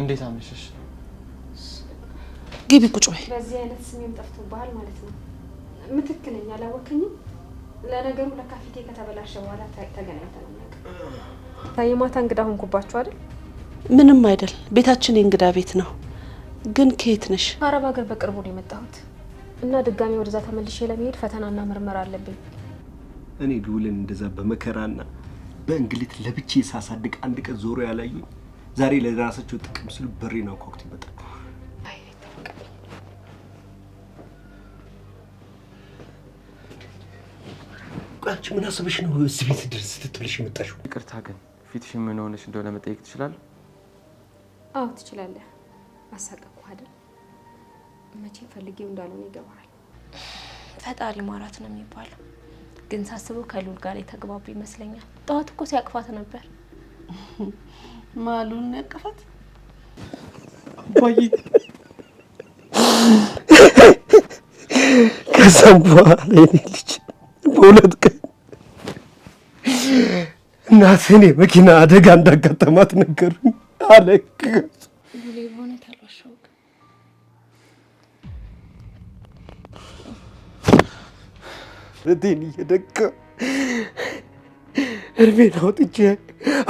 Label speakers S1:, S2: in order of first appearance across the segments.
S1: እንዴት አመሸሽ?
S2: ግቢ ቁጭ በይ።
S3: በዚህ አይነት ስሜም ጠፍቶብሃል ማለት ነው። ምትክ ነኝ ለነገሩ ለካ ከተበላሸ በኋላ ተገናኝተን
S4: የማታ እንግዳ ሆንኩባችሁ አይደል?
S2: ምንም አይደል። ቤታችን የእንግዳ ቤት ነው። ግን ከየት ነሽ?
S4: ከአረብ ሀገር በቅርቡ ነው የመጣሁት እና ድጋሚ ወደዛ ተመልሼ ለመሄድ ፈተናና ምርመራ አለብኝ።
S5: እኔ ልውልን እንደዛ በመከራና ለብቼ ሳሳድግ አንድ ቀን ዞሮ ያላዩኝ ዛሬ ለራሳቸው ጥቅም ሲሉ ነው ኮክት ይመጣል። አንቺ ምን አስበሽ ነው እዚህ ቤት ድረስ ትትብልሽ የመጣሽው?
S1: ይቅርታ ግን ፊትሽ ምን ሆነሽ እንደሆነ መጠየቅ ትችላል?
S4: አዎ ትችላለህ። አሳቀኩ አይደል? መቼ ፈልጌው እንዳልሆነ ይገባል። ፈጣሪ ማራት ነው የሚባለው። ግን ሳስበው ከሉል ጋር የተግባቡ ይመስለኛል። ጠዋት እኮ ሲያቅፋት ነበር። ማሉን ያቀፋት አባዬ።
S5: ከዛም በኋላ የኔ ልጅ በሁለት ቀን እናትን የመኪና አደጋ እንዳጋጠማት ነገር አለቀስ። እቴን እየደቃ እርሜን አውጥቼ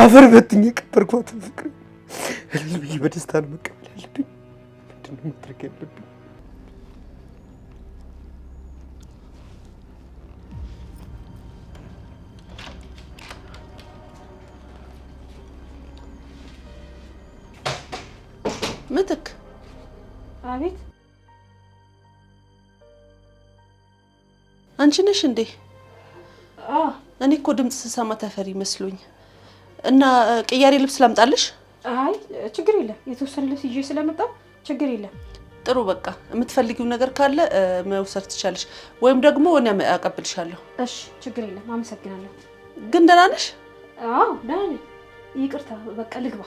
S5: አፈር በትኝ የቀበርኳትን ፍቅር እልል ብዬ በደስታ ነው መቀበል ያለብኝ። ምንድን ነው ማድረግ ያለብኝ?
S2: ምትክ አቤት አንቺ ነሽ እንዴ? እኔ እኮ ድምፅ ስሰማ ተፈሪ መስሎኝ እና ቅያሬ ልብስ ላምጣልሽ?
S4: አይ ችግር የለም የተወሰነ ልብስ ይዤ ስለመጣ ችግር የለም።
S2: ጥሩ በቃ የምትፈልጊው ነገር ካለ መውሰድ ትቻለሽ፣ ወይም ደግሞ እኔ አቀብልሻለሁ።
S4: እሺ ችግር የለም አመሰግናለሁ። ግን ደህና ነሽ? አዎ ደህና ነኝ። ይቅርታ በቃ ልግባ።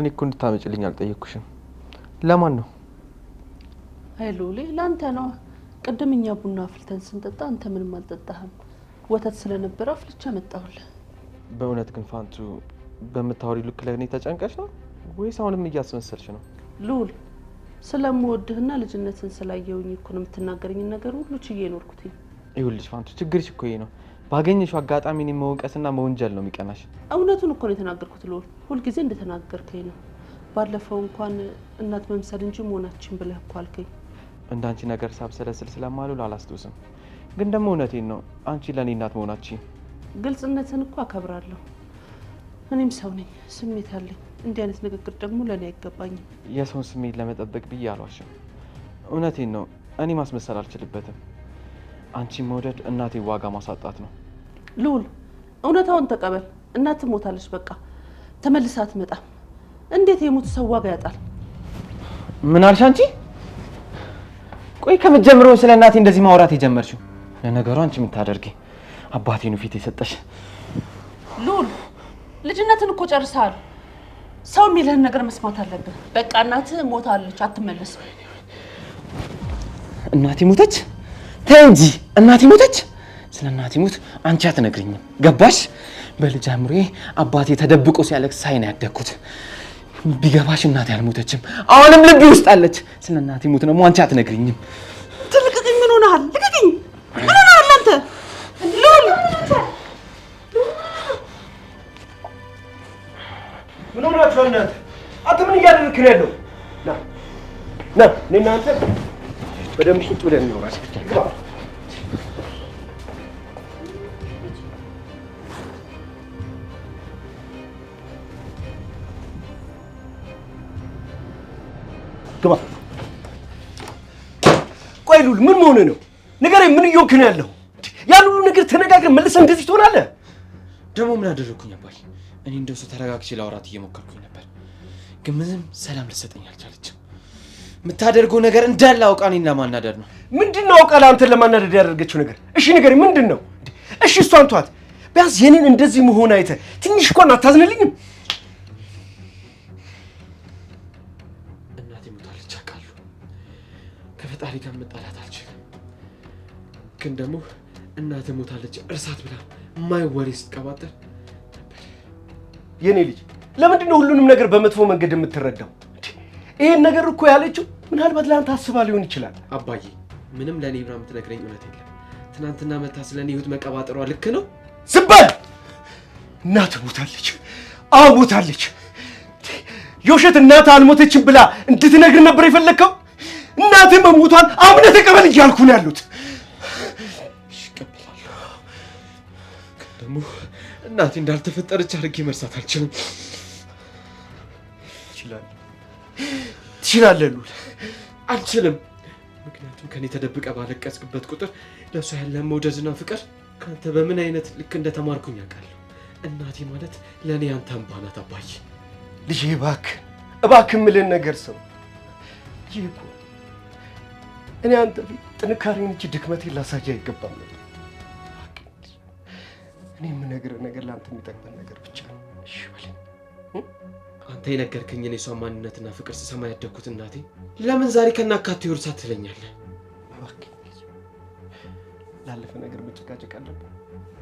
S1: እኔ እኮ እንድታመጭልኝ አልጠየቅኩሽም። ለማን ነው?
S4: አይ ሉሌ፣ ለአንተ ነዋ። ቅድም እኛ ቡና አፍልተን ስንጠጣ አንተ ምንም አልጠጣህም። ወተት ስለነበረ አፍልቼ አመጣሁልህ።
S1: በእውነት ግን ፋንቱ፣ በምታወሪ ልክ ለእኔ ተጨንቀሽ ነው ወይስ አሁንም እያስመሰልሽ ነው?
S4: ሉል፣ ስለምወድህና ልጅነትን ስላየውኝ እኮ ነው የምትናገረኝን ነገር ሁሉ ችዬ ኖርኩት።
S1: ይኸውልሽ ፋንቱ፣ ችግርሽ እኮ ይሄ ነው። ባገኘሽው አጋጣሚ እኔን መወቀስና መወንጀል ነው የሚቀናሽ።
S4: እውነቱን እኮ ነው የተናገርኩት ልል ሁልጊዜ እንደተናገርከኝ ነው። ባለፈው እንኳን እናት መምሰል እንጂ መሆናችን ብለህ እኮ አልከኝ።
S1: እንዳንቺ ነገር ሳብሰለስል ስለማልውል አላስታውስም፣ ግን ደግሞ እውነቴን ነው። አንቺ ለእኔ እናት መሆናችን
S4: ግልጽነትን እኮ አከብራለሁ። እኔም ሰው ነኝ፣ ስሜት አለኝ። እንዲህ አይነት ንግግር ደግሞ ለእኔ አይገባኝም።
S1: የሰውን ስሜት ለመጠበቅ ብዬ አሏሽም። እውነቴን ነው፣ እኔ ማስመሰል አልችልበትም። አንቺ መውደድ እናቴ ዋጋ ማሳጣት ነው።
S4: ልዑል እውነታውን ተቀበል። እናት ሞታለች። በቃ ተመልሳ አትመጣም። እንዴት የሞት ሰው ዋጋ ያጣል?
S1: ምን አልሽ አንቺ? ቆይ ከመጀመሩ ስለ እናቴ እንደዚህ ማውራት የጀመርሽው? ለነገሩ አንቺ የምታደርጊ አባቴ ነው ፊት የሰጠሽ።
S4: ሉል ልጅነትን እኮ ጨርሰሃል። ሰው የሚልህን ነገር መስማት አለብን በቃ እናትህ ሞታለች፣ አትመለስም።
S1: እናቴ ሞተች? ተይ እንጂ እናቴ ሞተች። ስለ ይሙት አንቺ አትነግሪኝም። ገባሽ? በልጅ አእምሮዬ አባቴ ተደብቆ ሲያለቅስ ሳይ ነው ያደግኩት። ቢገባሽ እናቴ አልሞተችም፣ አሁንም ልቢ ውስጥ አለች። ስለ እናቴ ሞት ደግሞ አንቺ አትነግሪኝም።
S4: ትልቅቅኝ ምን ሆነሃል? ልቅቅኝ ምን ሆነሃል አንተ? ምን
S5: ሆናችኋል እናንተ? አንተ ምን እያደረግክ ነው ያለው? ና ና፣ እኔ እና በደንብ ቁጭ ብለን እናውራ። ግባ። ቆይ ሉል፣ ምን መሆነ ነው? ንገረኝ፣ ምን እየወክ ነው ያለው? ያን ሁሉ ነገር ተነጋግረን መልሰን እንደዚህ ትሆናለህ?
S1: ደግሞ ምን አደረግኩኝ አባዬ? እኔ እንደሱ ተረጋግቼ ለአውራት እየሞከርኩኝ ነበር፣ ግን ምንም ሰላም ልሰጠኝ አልቻለችም። የምታደርገው ነገር እንዳለ አውቃ እኔን ለማናደድ ነው።
S5: ምንድን ነው አውቃ አንተን ለማናደድ ያደረገችው ነገር? እሺ ንገረኝ፣ ምንድን ነው? እሺ እሷን ተዋት፣ ቢያንስ የኔን እንደዚህ መሆን አይተህ ትንሽ እንኳን አታዝንልኝም?
S1: ግን ደግሞ እናት ሞታለች እርሳት ብላ ማይወሬ ስትቀባጠር ነበር።
S5: የኔ ልጅ ለምንድን ነው ሁሉንም ነገር በመጥፎ መንገድ የምትረዳው? ይሄን ነገር እኮ ያለችው ምናልባት ለአንተ አስባ ሊሆን ይችላል።
S1: አባዬ ምንም ለእኔ ብራ የምትነግረኝ እውነት የለም። ትናንትና መታ ስለ እኔ ህይወት መቀባጠሯ ልክ ነው።
S5: ዝም በል እናት ሞታለች። አዎ ሞታለች። የውሸት እናት አልሞተችም ብላ እንድትነግር ነበር የፈለግከው። እናትህ መሞቷን አምነህ ተቀበል እያልኩ ነው ያሉት
S1: ደግሞ እናቴ እንዳልተፈጠረች አድርጌ መርሳት አልችልም።
S5: ትችላለህ ሉል።
S1: አልችልም፣ ምክንያቱም ከኔ ተደብቀ ባለቀስክበት ቁጥር ለእሷ ያለ መውደድና ፍቅር ከአንተ በምን አይነት ልክ እንደተማርኩኝ ያውቃለሁ እናቴ ማለት ለእኔ አንተ እንባ ናት። አባዬ
S5: ልጄ፣ እባክ እባክህ ነገር ሰው ይህ እኮ እኔ አንተ ፊት ጥንካሬን እንጂ ድክመቴን ላሳይ አይገባም። እኔ የምነግርህ ነገር ለአንተ የሚጠቅመን ነገር ብቻ ነው። እሺ በለኝ።
S1: አንተ የነገርከኝ እኔ እሷን ማንነትና ፍቅር ስሰማ ያደግኩት እናቴ፣ ለምን ዛሬ ከናካቴ ወርሳ ትለኛለህ?
S5: ላለፈ ነገር መጨቃጨቅ አለብን።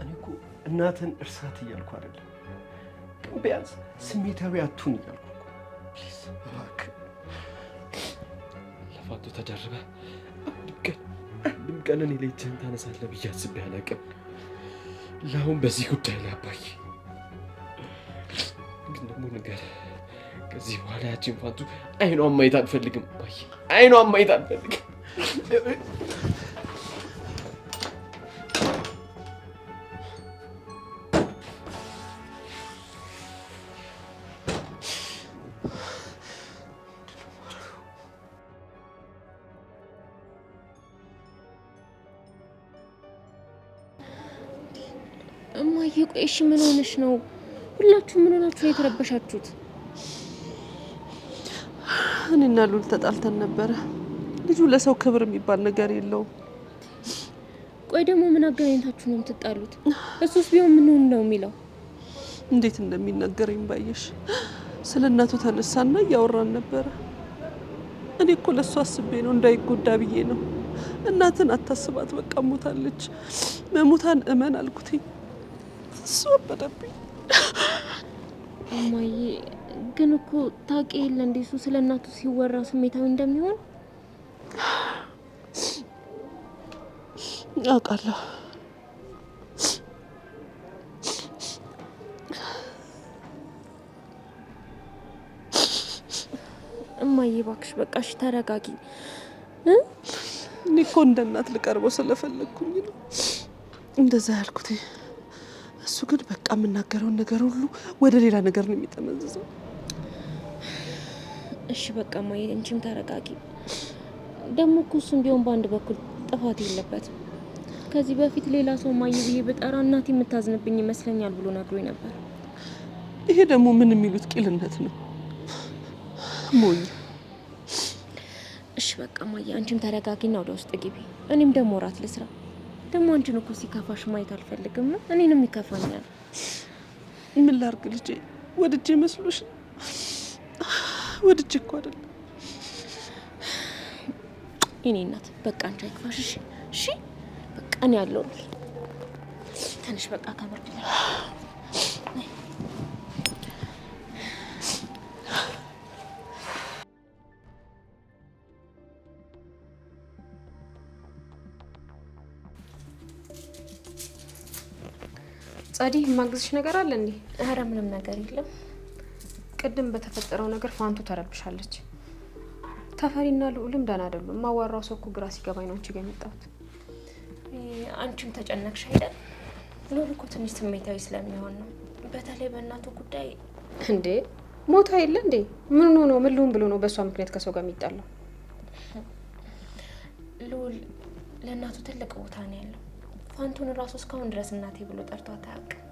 S5: እኔ እኮ እናትን እርሳት እያልኩ አይደለም፣ ግን ቢያንስ ስሜታዊ አትሁን እያልኩ
S1: ለፋቶ ተደርበህ አንድም ቀን አንድም ቀን እኔ ላይ እጅህን ታነሳለህ ብዬ አስቤ አላውቅም። ለአሁን በዚህ ጉዳይ ላይ አባዬ ግን ደግሞ ነገር ከዚህ በኋላ ያችን ፋንቱ አይኗን ማየት አልፈልግም አባዬ፣ አይኗን ማየት አልፈልግም።
S4: እሺ ምን ሆነሽ ነው? ሁላችሁ ምን ሆናችሁ ነው የተረበሻችሁት?
S2: እኔና ሉል ተጣልተን ነበረ። ልጁ ለሰው ክብር የሚባል ነገር የለውም።
S4: ቆይ ደግሞ ምን አገናኝታችሁ ነው የምትጣሉት? እሱስ ቢሆን ምን ሆን ነው የሚለው?
S2: እንዴት እንደሚናገረኝ ባየሽ። ስለ እናቱ ተነሳና እያወራን ነበረ። እኔ እኮ ለእሱ አስቤ ነው እንዳይጎዳ ብዬ ነው። እናትን አታስባት፣ በቃ ሞታለች። መሞታን እመን አልኩትኝ አስወበደብኝ።
S4: እማዬ ግን እኮ ታውቂ የለ እንዴ እሱ ስለ እናቱ ሲወራ ስሜታዊ እንደሚሆን አውቃለሁ። እማዬ እባክሽ በቃሽ፣ ተረጋጊ።
S2: እኔ እኮ እንደ እናት ልቀርበው ስለፈለግኩኝ ነው እንደዛ ያልኩት። እሱ ግን በቃ የምናገረውን ነገር ሁሉ ወደ ሌላ ነገር ነው የሚጠመዝዘው።
S4: እሺ በቃ ማየ፣ አንቺም ተረጋጊ። ደግሞ እኮ እሱም ቢሆን በአንድ በኩል ጥፋት የለበትም። ከዚህ በፊት ሌላ ሰው ማየ ብዬ ብጠራ እናቴ የምታዝንብኝ ይመስለኛል ብሎ ነግሮኝ ነበር።
S2: ይሄ ደግሞ ምን የሚሉት ቂልነት ነው ሞኝ።
S4: እሺ በቃ ማየ፣ አንቺም ተረጋጊና ወደ ውስጥ ግቢ። እኔም ደግሞ እራት ልስራ። ደግሞ አንቺን እኮ ሲከፋሽ ማየት አልፈልግም ነው። እኔንም ይከፋኛል።
S2: ምን ላርግ ልጄ? ወድጄ መስሎሽ? ወድጄ እኮ አይደለም።
S4: እኔ እናት በቃ አንቺ አይክፋሽ። እሺ፣ በቃ እኔ ያለው ትንሽ በቃ ከብርድ ጸዲ የማግዝሽ ነገር አለ እንዴ?
S3: ኧረ ምንም ነገር የለም።
S4: ቅድም በተፈጠረው ነገር ፋንቱ ተረብሻለች። ተፈሪና ልዑልም ደህና አይደሉም። የማዋራው ሰው እኮ ግራ ሲገባኝ ነው እንጂ የመጣሁት።
S3: አንቺም ተጨነቅሽ አይደል? ልዑል እኮ ትንሽ ስሜታዊ ስለሚሆን ነው፣ በተለይ በእናቱ ጉዳይ።
S4: እንዴ ሞታ የለ እንዴ? ምን ነው ምን ልሁን ብሎ ነው በእሷ ምክንያት ከሰው ጋር የሚጣለው?
S3: ልዑል ለእናቱ ትልቅ ቦታ ነው ያለው ፋንቱን እራሱ እስካሁን ድረስ እናቴ ብሎ ጠርቷት አያውቅም።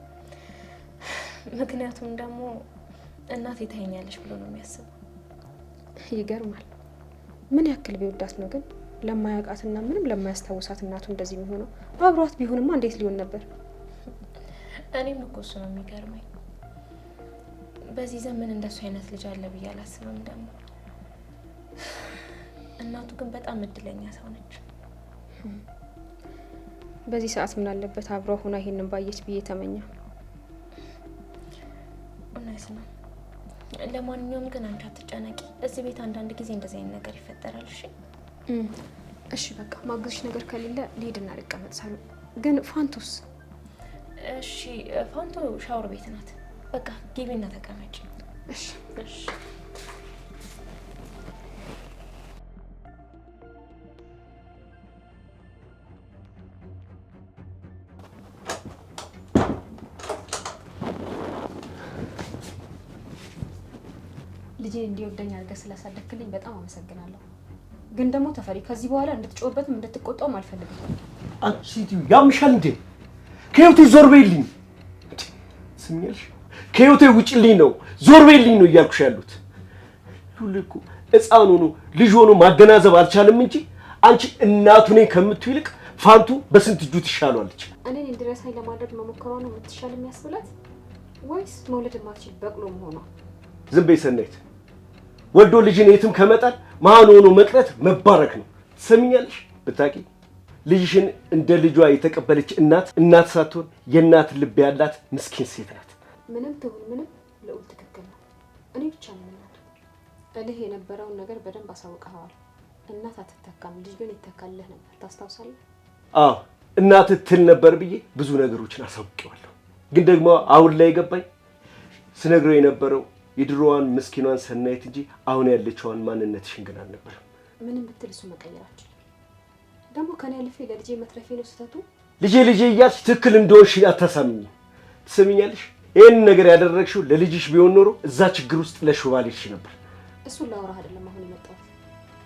S3: ምክንያቱም ደግሞ እናቴ ታይኛለች ብሎ ነው የሚያስበው።
S4: ይገርማል። ምን ያክል ቢወዳት ነው ግን ለማያውቃትና ምንም ለማያስታውሳት እናቱ እንደዚህ የሚሆነው። አብሯት ቢሆንማ እንዴት ሊሆን ነበር?
S3: እኔም እኮ እሱ ነው የሚገርመኝ። በዚህ ዘመን እንደሱ አይነት ልጅ አለ ብዬ አላስብም። ደግሞ እናቱ ግን በጣም እድለኛ ሰው ነች።
S4: በዚህ ሰዓት ምን አለበት አብሮ ሆና ይሄንን ባየች ብዬ ተመኘ።
S3: እውነት ነው። ለማንኛውም ግን አንቺ አትጨነቂ። እዚህ ቤት አንዳንድ ጊዜ እንደዚህ አይነት ነገር ይፈጠራል። እሺ፣
S4: እሺ። በቃ ማግዝሽ ነገር ከሌለ ልሄድና ልቀመጥ ሳሉ። ግን ፋንቶስ?
S3: እሺ፣ ፋንቶ ሻወር ቤት ናት። በቃ ግቢና ተቀመጭ።
S4: እሺ፣ እሺ። ልጄ እንዲወደኝ አድርገህ ስላሳደግክልኝ በጣም አመሰግናለሁ። ግን ደግሞ ተፈሪ ከዚህ በኋላ እንድትጮህበትም እንድትቆጣውም አልፈልግም።
S5: አንቺ ያምሻል እንዴ? ከህይወቴ ዞር በይልኝ ስሚያልሽ፣ ከህይወቴ ውጭልኝ ነው ዞር በይልኝ ነው እያልኩሽ ያሉት። ይኸውልህ እኮ ሕፃን ሆኖ ልጅ ሆኖ ማገናዘብ አልቻለም እንጂ አንቺ እናቱ ነኝ ከምቱ ይልቅ ፋንቱ በስንት እጁ ትሻሏለች።
S4: እኔን እንዲረሳኝ ለማድረግ መሞከሯ ነው የምትሻል የሚያስብላት ወይስ መውለድ የማትችል በቅሎ መሆኗ?
S5: ዝም በይ ሰናይት። ወልዶ ልጅን የትም ከመጣል መሀን ሆኖ መቅረት መባረክ ነው። ትሰሚኛለሽ? ብታቂ ልጅሽን እንደ ልጇ የተቀበለች እናት እናት ሳትሆን የእናት ልብ ያላት ምስኪን ሴት ናት።
S3: ምንም ትሁን ምንም ልዑል ትክክል ነው። እኔ ብቻ ነው እናት እልህ የነበረውን ነገር በደንብ አሳውቀኸዋል። እናት አትተካም፣ ልጅ ግን ይተካልህ ነበር። ታስታውሳለህ?
S5: አዎ እናት ትል ነበር ብዬ ብዙ ነገሮችን አሳውቀዋለሁ። ግን ደግሞ አሁን ላይ ገባኝ ስነግረው የነበረው የድሮዋን ምስኪኗን ሰናይት እንጂ አሁን ያለችዋን ማንነትሽን ግን አልነበረም።
S3: ምንም ብትል እሱ መቀየር ደግሞ ከኔ ያለፈ ለልጄ መትረፌ ነው ስህተቱ።
S5: ልጄ ልጄ እያልሽ ትክክል እንደሆንሽ አታሳምኝ። ትሰሚኛለሽ? ይህን ነገር ያደረግሽው ለልጅሽ ቢሆን ኖሮ እዛ ችግር ውስጥ ለሹባሌሽ ነበር።
S3: እሱን ላውራ አይደለም አሁን የመጣው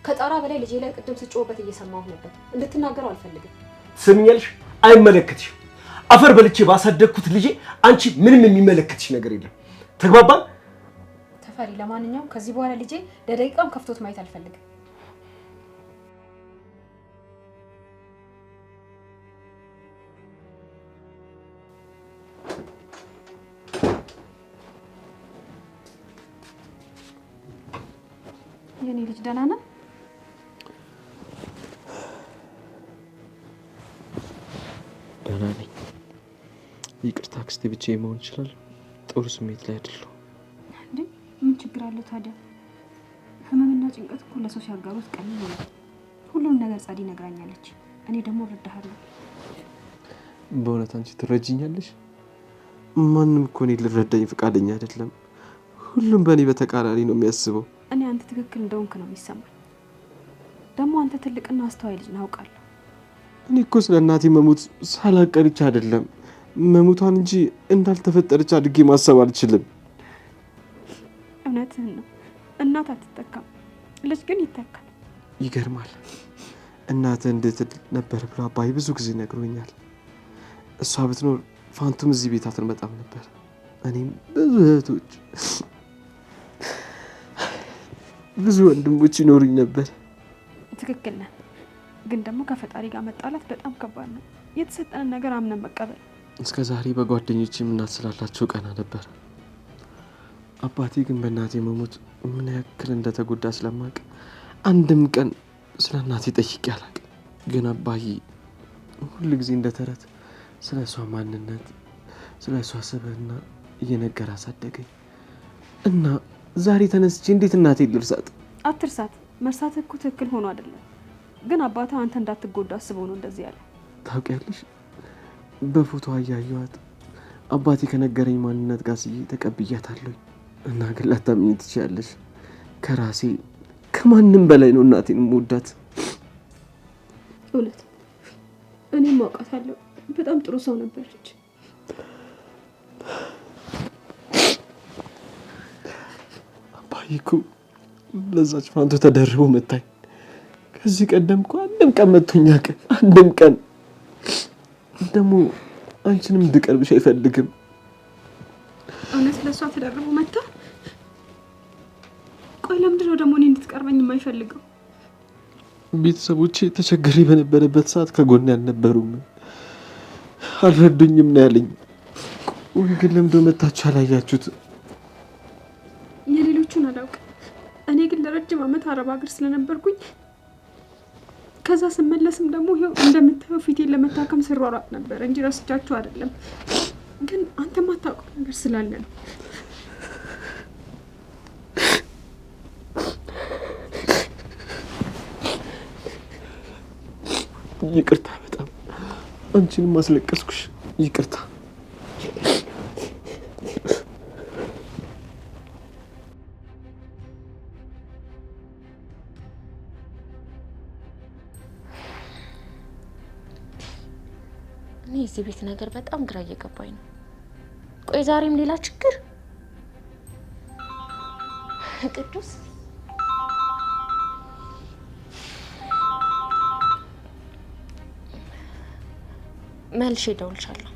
S3: ከጣራ በላይ ልጄ ላይ ቅድም ስጮበት እየሰማሁ ነበር። እንድትናገረው አልፈልግም።
S5: ትሰሚኛለሽ? አይመለከትሽም። አፈር በልቼ ባሳደግኩት ልጄ አንቺ ምንም የሚመለከትሽ ነገር የለም። ተግባባን?
S4: ፈሪ። ለማንኛውም ከዚህ በኋላ ልጄ ለደቂቃም ከፍቶት ማየት አልፈልግም። የኔ ልጅ ደህና ነህ?
S1: ደህና ነኝ። ይቅርታ አክስቴ፣ ብቻዬን መሆን ይችላል። ጥሩ ስሜት ላይ አይደለሁም።
S4: ችግር አለው ታዲያ? ህመምና ጭንቀት እኮ ለሰው ሲያጋሩት ቀልል ነው። ሁሉም ነገር ጻዲ ነግራኛለች። እኔ ደግሞ እረዳሃለሁ።
S1: በእውነት አንቺ ትረጅኛለሽ? ማንም እኮ እኔ ልረዳኝ ፈቃደኛ አይደለም። ሁሉም በእኔ በተቃራኒ ነው የሚያስበው።
S4: እኔ አንተ ትክክል እንደሆንክ ነው የሚሰማኝ። ደግሞ አንተ ትልቅና አስተዋይ ልጅ እናውቃለሁ።
S1: እኔ እኮ ስለ እናቴ መሞት ሳላቀርቻ አይደለም መሞቷን እንጂ እንዳልተፈጠረች አድጌ ማሰብ አልችልም።
S4: እውነትህን ነው። እናት አትተካም፣ ልጅ ግን ይተካል።
S1: ይገርማል። እናት እንድትድል ነበር ብሎ አባይ ብዙ ጊዜ ነግሮኛል። እሷ ብትኖር ፋንቱም እዚህ ቤት አትመጣም ነበር። እኔም ብዙ እህቶች፣ ብዙ ወንድሞች ይኖሩኝ ነበር።
S4: ትክክል ነህ። ግን ደግሞ ከፈጣሪ ጋር መጣላት በጣም ከባድ ነው። የተሰጠንን ነገር አምነን መቀበል።
S1: እስከ ዛሬ በጓደኞች እናት ስላላቸው ቀና ነበር አባቴ ግን በእናቴ መሞት ምን ያክል እንደተጎዳ ስለማቅ አንድም ቀን ስለ እናቴ ጠይቅ ያላቅ። ግን አባዬ ሁል ጊዜ እንደ ተረት ስለ እሷ ማንነት፣ ስለ እሷ ስብህና እየነገር አሳደገኝ እና ዛሬ ተነስቼ እንዴት እናቴ ልርሳት?
S4: አትርሳት። መርሳት እኮ ትክክል ሆኖ አይደለም። ግን አባቷ አንተ እንዳትጎዳ አስበው ነው እንደዚህ ያለ።
S1: ታውቂያለሽ፣ በፎቶ አያየዋት አባቴ ከነገረኝ ማንነት ጋር ስዬ ተቀብያታለሁ። እና ግን ላታምኝ ትችያለሽ። ከራሴ ከማንም በላይ ነው እናቴን የምወዳት።
S4: እውነት እኔም አውቃታለሁ። በጣም ጥሩ ሰው ነበረች።
S1: አባይኩ ለዛች ፋንቶ ተደርቦ መታኝ። ከዚህ ቀደም እኮ አንድም ቀን መቶኛ ቀን አንድም ቀን ደግሞ አንቺንም እንድቀርብሽ አይፈልግም።
S4: እውነት ለእሷ ተደርቦ መታ ቆይ ለምንድን ነው ደግሞ እኔ እንድትቀርበኝ የማይፈልገው?
S1: ቤተሰቦቼ ተቸገሪ በነበረበት ሰዓት ከጎን ያልነበሩም አልረዱኝም ነው ያለኝ። ወይ ግን ለምዶ መታችሁ አላያችሁት?
S4: የሌሎቹን አላውቅም። እኔ ግን ለረጅም ዓመት አረብ ሀገር ስለነበርኩኝ ከዛ ስመለስም ደግሞ ይኸው እንደምታየው ፊቴን ለመታከም ስሯሯጥ ነበር እንጂ ረስቻችሁ አይደለም። ግን አንተ ማታውቀው ነገር ስላለ ነው።
S1: ይቅርታ፣ በጣም አንቺንም አስለቀስኩሽ። ይቅርታ።
S3: እኔ የዚህ ቤት ነገር በጣም ግራ እየገባኝ ነው። ቆይ ዛሬም ሌላ ችግር ቅዱስ መልሼ እደውልልሻለሁ።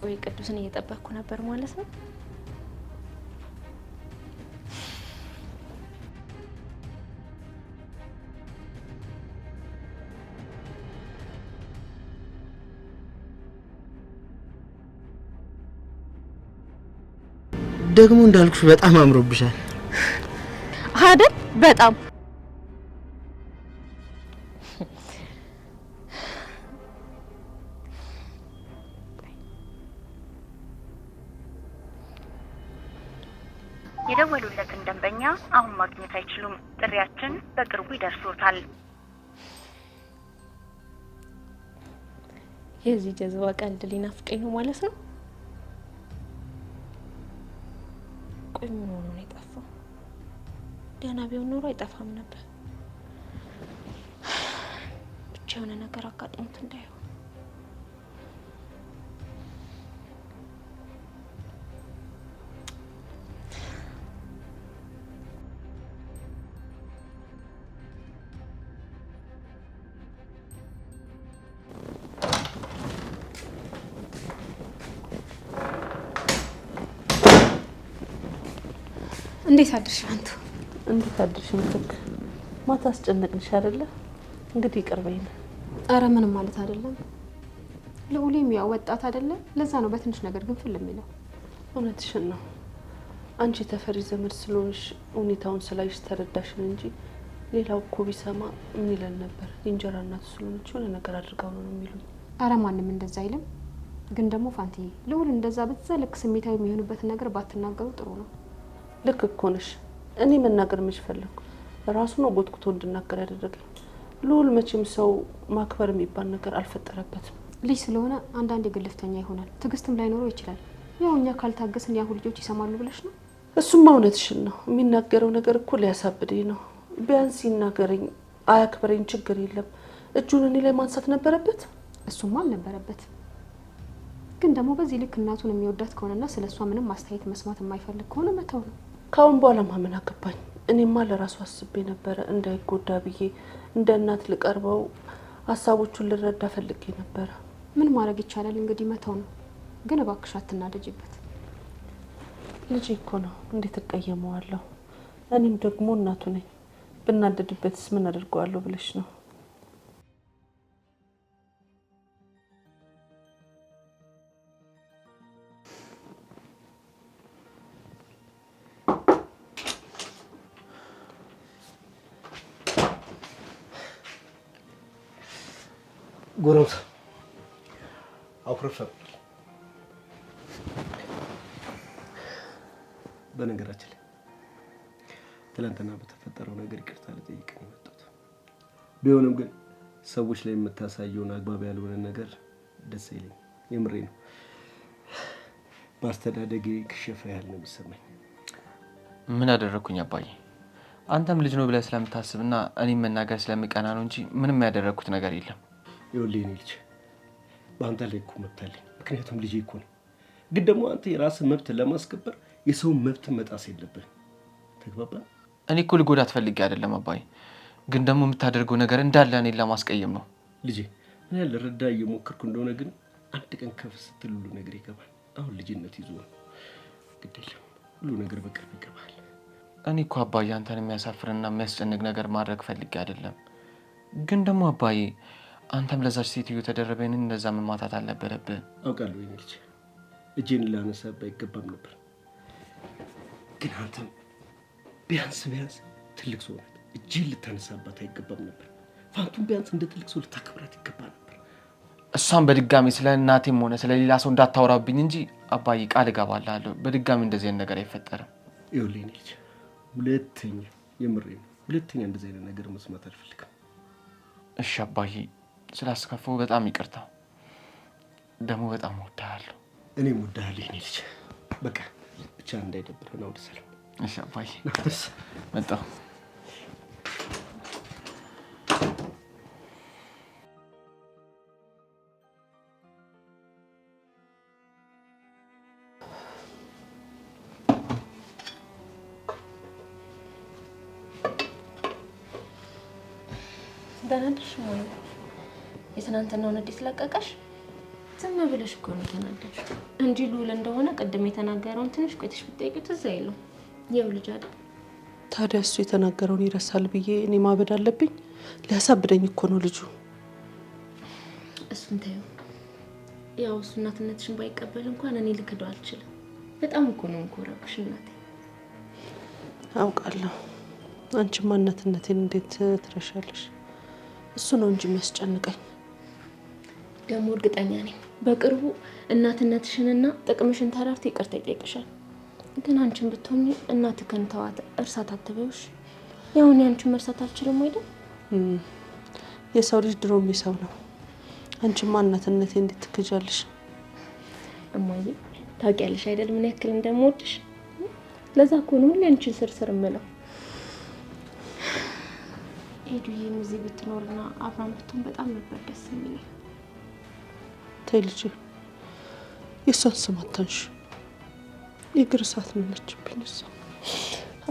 S3: ቆይ ቅዱስን እየጠበቅኩ ነበር ማለት ነው።
S1: ደግሞ እንዳልኩሽ በጣም አምሮብሻል
S3: አይደል? በጣም የደወሉለትን ደንበኛ አሁን ማግኘት አይችሉም። ጥሪያችን በቅርቡ ይደርሶታል። የዚህ ጀዝባ ቀንድ ሊናፍቀኝ ነው ማለት ነው። ቆይ ምን ሆኖ ነው የጠፋው? ደህና ቢሆን ኖሮ አይጠፋም ነበር። ብቻ የሆነ ነገር አጋጥሞት እንዳይሆን
S4: እንዴት አድርሽ አንቱ?
S2: እንዴት አድርሽ ምትክ? ማታ አስጨነቅንሽ አይደለ? እንግዲህ ይቅር
S4: አረ ምንም ማለት አይደለም። ልዑሌም ያው ወጣት አይደለ? ለዛ ነው በትንሽ ነገር ግን ፍል የሚለው።
S2: እውነትሽን ነው። አንቺ ተፈሪ ዘመድ ስለሆንሽ ሁኔታውን ስላይሽ ተረዳሽን እንጂ ሌላው እኮ ቢሰማ ምን ይለን ነበር? የእንጀራ እናቱ ስለሆነች የሆነ ነገር አድርጋው ነው የሚሉኝ።
S4: አረ ማንም እንደዛ አይልም። ግን ደግሞ ፋንቲ ልዑል እንደዛ በዛ ልክ ስሜታዊ የሚሆንበትን ነገር ባትናገሩ ጥሩ ነው።
S2: ልክ እኮ ነሽ። እኔ መናገር የምፈልገው ራሱ ነው ጎትኩቶ እንድናገር ያደረገኝ። ልዑል መቼም ሰው ማክበር የሚባል ነገር አልፈጠረበትም።
S4: ልጅ ስለሆነ አንዳንዴ ግልፍተኛ ይሆናል፣ ትዕግስትም ላይኖረው ይችላል። ያው እኛ ካልታገስን ያሁ ልጆች ይሰማሉ ብለሽ ነው?
S2: እሱማ እውነትሽን ነው። የሚናገረው ነገር እኮ ሊያሳብደኝ ነው። ቢያንስ ይናገረኝ፣ አያክበረኝ ችግር የለም። እጁን እኔ ላይ ማንሳት ነበረበት።
S4: እሱማ አልነበረበት። ግን ደግሞ በዚህ ልክ እናቱን የሚወዳት ከሆነና ስለ እሷ ምንም ማስተያየት መስማት የማይፈልግ ከሆነ መተው ነው።
S2: ከአሁን በኋላ ማመን አገባኝ። እኔማ ለራሱ አስቤ ነበረ እንዳይጎዳ ብዬ እንደ እናት ልቀርበው ሀሳቦቹን ልረዳ ፈልጌ ነበረ።
S4: ምን ማድረግ ይቻላል እንግዲህ መተው ነው። ግን እባክሽ አትናደጅበት።
S2: ልጅ እኮ ነው፣ እንዴት እቀየመዋለሁ? እኔም ደግሞ እናቱ ነኝ። ብናደድበትስ ምን አደርገዋለሁ ብለሽ ነው
S5: Murat. አኩረፈም። በነገራችን ላይ ትናንትና በተፈጠረው ነገር ይቅርታ ልጠይቅ ነው የመጣሁት። ቢሆንም ግን ሰዎች ላይ የምታሳየውን አግባብ ያልሆነ ነገር ደስ አይለኝ። የምሬ ነው። በአስተዳደጌ ክሸፈ ያህል ነው የሚሰማኝ።
S1: ምን አደረግኩኝ አባዬ? አንተም ልጅ ነው ብለህ ስለምታስብና እኔም መናገር ስለሚቀና ነው እንጂ ምንም ያደረግኩት ነገር የለም።
S5: ይኸውልህ የእኔ ልጅ በአንተ ላይ እኮ መብት ምክንያቱም ልጄ እኮ ነው። ግን ደግሞ አንተ የራስን መብት ለማስከበር የሰውን መብት መጣስ የለብህ። ተግባባን?
S1: እኔ እኮ ልጎዳት ፈልጌ አይደለም አባይ ግን ደግሞ የምታደርገው ነገር እንዳለ እኔን ለማስቀየም ነው።
S5: ልጄ ምን ያህል ረዳ እየሞከርኩ እንደሆነ ግን አንድ ቀን ከፍ ስትል ነገር ይገባል። አሁን ልጅነት ይዞ ነው። ግድ የለም ሁሉ ነገር በቅርብ ይገባል።
S1: እኔ እኮ አባዬ አንተን የሚያሳፍርና የሚያስጨንቅ ነገር ማድረግ ፈልጌ አይደለም። ግን ደግሞ አባዬ አንተም ለዛች ሴትዮ ተደረበን እንደዛ መማታት አልነበረብህም።
S5: አውቃለሁ የኔ ልጅ እጄን ላነሳብህ አይገባም ነበር፣ ግን አንተም ቢያንስ ቢያንስ ትልቅ ሰው ናት፣ እጄን ልታነሳባት አይገባም ነበር። ፋንቱም ቢያንስ እንደ ትልቅ ሰው ልታከብራት ይገባ ነበር።
S1: እሷን በድጋሚ ስለ እናቴም ሆነ ስለ ሌላ ሰው እንዳታወራብኝ እንጂ አባይ፣ ቃል እገባልሃለሁ፣ በድጋሚ እንደዚህ አይነት ነገር አይፈጠርም።
S5: ይኸውልህ የኔ ልጅ ሁለተኛ፣ የምሬ ነው፣ ሁለተኛ እንደዚህ አይነት ነገር መስማት አልፈልግም።
S1: እሺ አባዬ ስላስከፈው በጣም ይቅርታ። ደግሞ በጣም ወዳሃለሁ።
S5: እኔም ወዳሃለሁ። ይህኔ ልጅ። በቃ ብቻ እንዳይደብር ነው። ወደ ሰላም።
S1: እሺ አባዬ መጣሁ።
S3: ደህና ነሽ? የትናንትናውን እንዴት ለቀቀሽ? ዝም ብለሽ እኮ ነው የተናደድሽ እንጂ ልውል እንደሆነ ቅድም የተናገረውን ትንሽ ቆይተሽ ብትጠይቂው ትዝ አይለው። ይኸው ልጅ አይደል
S2: ታዲያ እሱ የተናገረውን ይረሳል ብዬ እኔ ማበድ አለብኝ? ሊያሳብደኝ እኮ ነው ልጁ።
S3: እሱን ተይው። ያው እሱ እናትነትሽን ባይቀበል እንኳን እኔ ልክደው አልችልም። በጣም እኮ ነው እንኮረብሽ እናቴ።
S2: አውቃለሁ። አንቺማ እናትነቴን እንዴት ትረሻለሽ? እሱ ነው እንጂ የሚያስጨንቀኝ
S3: ደግሞ እርግጠኛ ነኝ በቅርቡ እናትነትሽንና ጥቅምሽን ተረርት ይቅርታ ይጠይቅሻል። ግን አንቺን ብትሆኚ እናትህን ተዋት፣ እርሳት አትበውሽ። ያሁን ያንቺን መርሳት አልችልም አይደል?
S2: የሰው ልጅ ድሮም የሰው ነው። አንቺማ እናትነቴ እንዴት ትክጃለሽ?
S3: እማዬ ታውቂያለሽ አይደል ምን ያክል እንደምወድሽ። ለዛ እኮ ነው ሁሌ አንቺን ስርስር
S4: ሄዱ። ይህም እዚህ ብትኖርና አብራን ብትሆን በጣም ነበር ደስ የሚለኝ።
S2: ተይ ልጅ የእሷን ስም አታንሺ። የእግር እሳት ነችብኝ እሷ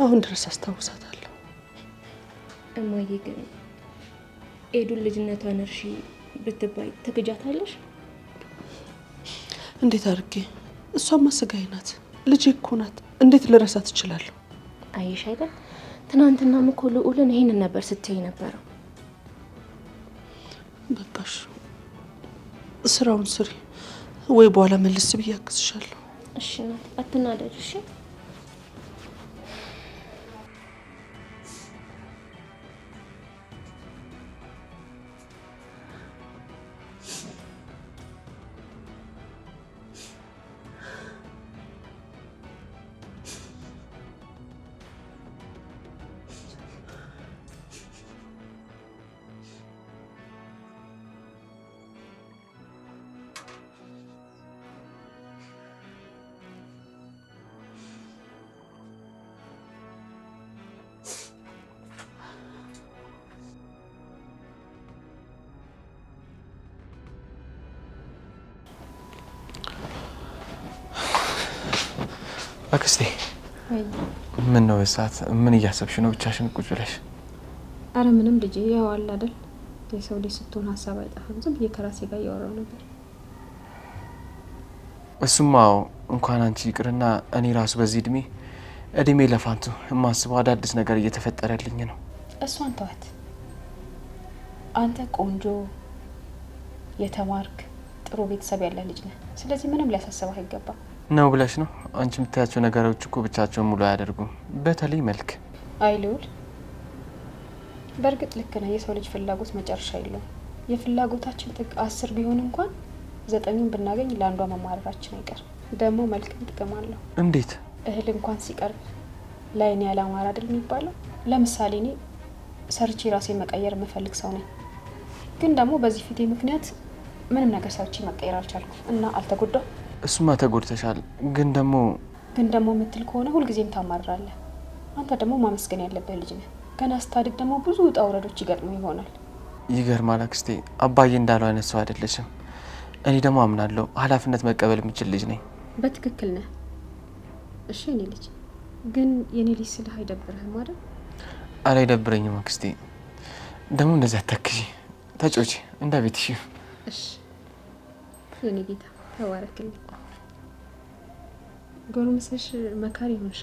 S2: አሁን ድረስ አስታውሳታለሁ።
S3: እማዬ ግን ኤዱን ልጅነቷን እርሺ ብትባይ ትግጃታለሽ?
S2: እንዴት አድርጌ? እሷማ ስጋዬ ናት፣ ልጄ እኮ ናት። እንዴት ልረሳት እችላለሁ?
S3: አየሽ አይደል ትናንትናም እኮ ልዑልን ይሄንን ነበር ስትይ ነበረው።
S2: በቃሽ ስራውን ስሪ ወይ በኋላ መልስ ብዬ አግዝሻለሁ።
S3: እሺ ነው፣ አትናደድ። እሺ
S1: አክስቴ ምን ነው ሰዓት ምን እያሰብሽ ነው ብቻሽን ቁጭ ብለሽ?
S4: አረ ምንም ልጄ፣ ያው አለ አይደል የሰው ልጅ ስትሆን ሀሳብ አይጠፋም። ዝም ብዬ ከራሴ ጋር እያወራው ነበር።
S1: እሱማው እንኳን አንቺ ይቅርና እኔ ራሱ በዚህ እድሜ እድሜ ለፋንቱ የማስበው አዳዲስ ነገር እየተፈጠረልኝ ነው።
S4: እሷን ተዋት። አንተ ቆንጆ የተማርክ ጥሩ ቤተሰብ ያለ ልጅ ነህ። ስለዚህ ምንም ሊያሳስብህ አይገባም።
S1: ነው ብለሽ ነው? አንቺ የምታያቸው ነገሮች እኮ ብቻቸውን ሙሉ አያደርጉም። በተለይ መልክ።
S4: አይ በእርግጥ ልክ ነህ። የሰው ልጅ ፍላጎት መጨረሻ የለውም። የፍላጎታችን ጥግ አስር ቢሆን እንኳን ዘጠኙን ብናገኝ ለአንዷ መማረራችን አይቀርም። ደግሞ መልክም ጥቅም አለው። እንዴት? እህል እንኳን ሲቀርብ ለአይን ያላማረ አይደል የሚባለው? ለምሳሌ እኔ ሰርቼ ራሴ መቀየር የምፈልግ ሰው ነኝ። ግን ደግሞ በዚህ ፊቴ ምክንያት ምንም ነገር ሰርቼ መቀየር አልቻልኩም እና አልተጎዳም
S1: እሱማ ተጎድተሻል። ግን ደግሞ
S4: ግን ደግሞ የምትል ከሆነ ሁልጊዜም ታማራለህ። አንተ ደግሞ ማመስገን ያለብህ ልጅ ነህ። ገና ስታድግ ደግሞ ብዙ ውጣ ውረዶች ይገጥሙ ይሆናል።
S1: ይገርማል አክስቴ፣ አባዬ እንዳለው አይነት ሰው አይደለሽም። እኔ ደግሞ አምናለሁ፣ ኃላፊነት መቀበል የምችል ልጅ ነኝ።
S4: በትክክል ነህ። እሺ የኔ ልጅ ግን የኔ ልጅ ስልህ አይደብርህም አይደል?
S1: አላይደብረኝም አክስቴ። ደግሞ እንደዚህ አታክሺ፣ ተጮች እንደ ቤትሽ።
S4: እሺ የኔ ጌታ ተባረክልኝ። ጎርምሰሽ መካሪ ሆንሻ።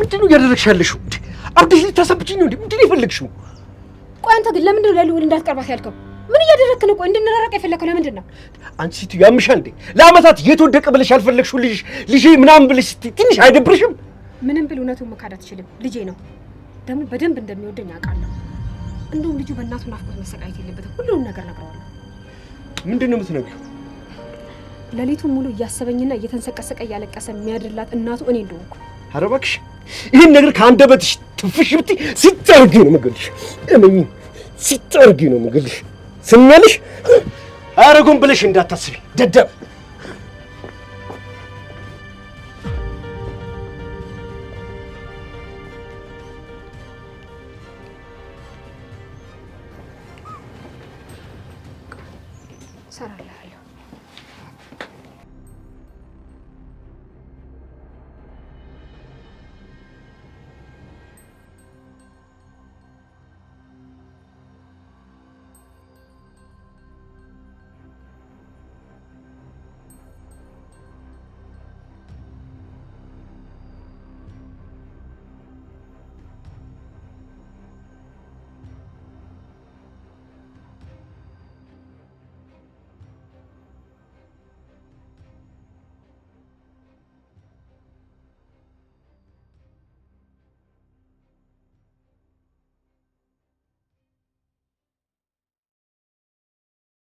S5: ምንድን ነው እያደረግሽ ያለሽው? አብደሽ ልታሰብችኝ ነው? ምንድን ነው የፈለግሽው?
S4: ቆይ አንተ ግን ለምንድን ነው ለልውል እንዳትቀርባት ያልከው? ምን እያደረግክ ነው? ቆይ እንድንራራቅ የፈለግከው ለምንድን ነው?
S5: አንቺ ሴትዮ ያምሻል እንዴ? ለአመታት የተወደቀ ብለሽ ያልፈለግሽው ልጅ ልጄ ምናምን ብለሽ ስትይ ትንሽ አይደብርሽም?
S4: ምንም ብል እውነቱን መካድ አትችልም። ልጄ ነው ደግሞ በደንብ እንደሚወደኝ አውቃለሁ። እንደውም ልጁ በእናቱ ናፍቆት መሰቃየት የለበትም። ሁሉንም ነገር ነግረዋለሁ።
S5: ምንድን ነው የምትነግሪው?
S4: ሌሊቱን ሙሉ እያሰበኝና እየተንሰቀሰቀ እያለቀሰ የሚያድርላት እናቱ እኔ እንደሆንኩ።
S5: ኧረ እባክሽ ይህን ነገር ከአንደበትሽ ትፍሽ ብትይ ሲታርጊ ነው የምገልሽ። እመኚ ሲታርጊ ነው የምገልሽ። ስሚያለሽ? አረጉን ብለሽ እንዳታስቢ ደደብ Sara Lalo.